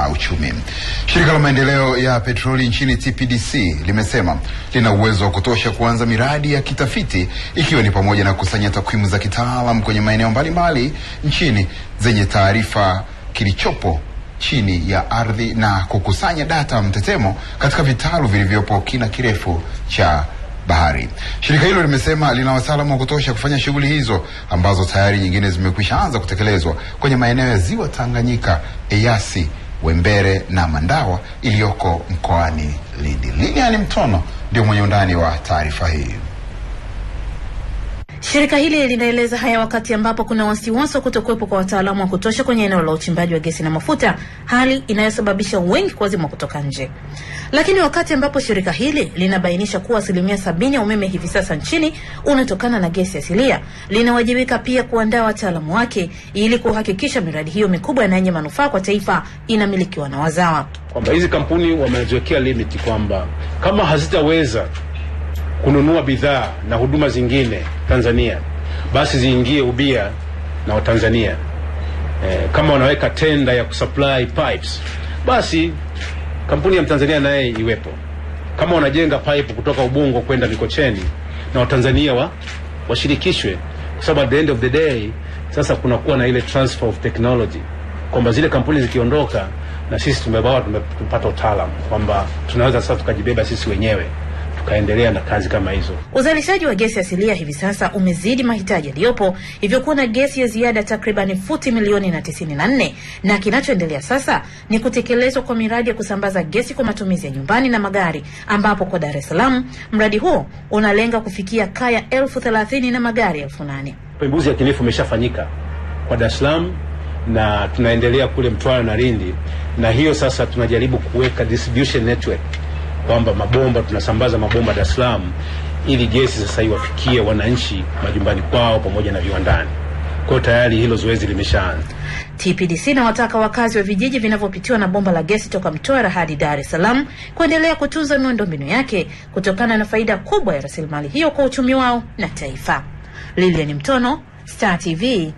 na uchumi. Shirika la maendeleo ya petroli nchini TPDC limesema lina uwezo wa kutosha kuanza miradi ya kitafiti ikiwa ni pamoja na kukusanya takwimu za kitaalam kwenye maeneo mbalimbali nchini zenye taarifa kilichopo chini ya ardhi na kukusanya data mtetemo katika vitalu vilivyopo kina kirefu cha bahari. Shirika hilo limesema lina wataalamu wa kutosha kufanya shughuli hizo ambazo tayari nyingine zimekwisha anza kutekelezwa kwenye maeneo ya Ziwa Tanganyika, EASI Wembere na Mandawa iliyoko mkoani Lindi. lini ani Mtono ndio mwenye undani wa taarifa hii. Shirika hili linaeleza haya wakati ambapo kuna wasiwasi wa kutokuwepo kwa wataalamu wa kutosha kwenye eneo la uchimbaji wa gesi na mafuta, hali inayosababisha wengi kuwazimwa kutoka nje. Lakini wakati ambapo shirika hili linabainisha kuwa asilimia sabini ya umeme hivi sasa nchini unatokana na gesi asilia, linawajibika pia kuandaa wataalamu wake ili kuhakikisha miradi hiyo mikubwa na yenye manufaa kwa taifa inamilikiwa na wazawa, kwamba hizi kampuni wameziwekea limiti kwamba kama hazitaweza kununua bidhaa na huduma zingine Tanzania, basi ziingie ubia na Watanzania. E, kama wanaweka tenda ya kusupply pipes, basi kampuni ya Mtanzania naye iwepo. Kama wanajenga pipe kutoka Ubungo kwenda Mikocheni, na Watanzania wa washirikishwe, kwa sababu at the end of the day sasa kunakuwa na ile transfer of technology kwamba zile kampuni zikiondoka, na sisi tumebawa tumepata utaalamu kwamba tunaweza sasa tukajibeba sisi wenyewe tukaendelea na kazi kama hizo. Uzalishaji wa gesi asilia hivi sasa umezidi mahitaji yaliyopo, hivyo kuna gesi ya ziada takribani futi milioni na tisini na nne, na kinachoendelea sasa ni kutekelezwa kwa miradi ya kusambaza gesi kwa matumizi ya nyumbani na magari, ambapo kwa Dar es Salaam mradi huo unalenga kufikia kaya elfu thelathini na magari elfu nane. Pembuzi ya imeshafanyika kwa Dar es Salaam na tunaendelea kule Mtwara na Lindi, na hiyo sasa tunajaribu kuweka distribution network kwamba mabomba tunasambaza mabomba Dar es Salaam ili gesi sasa iwafikie wananchi majumbani kwao pamoja na viwandani. Kwa tayari hilo zoezi limeshaanza. TPDC na wataka wakazi wa vijiji vinavyopitiwa na bomba la gesi toka Mtwara hadi Dar es Salaam kuendelea kutunza miundombinu yake kutokana na faida kubwa ya rasilimali hiyo kwa uchumi wao na taifa. Lilian Mtono, Star TV,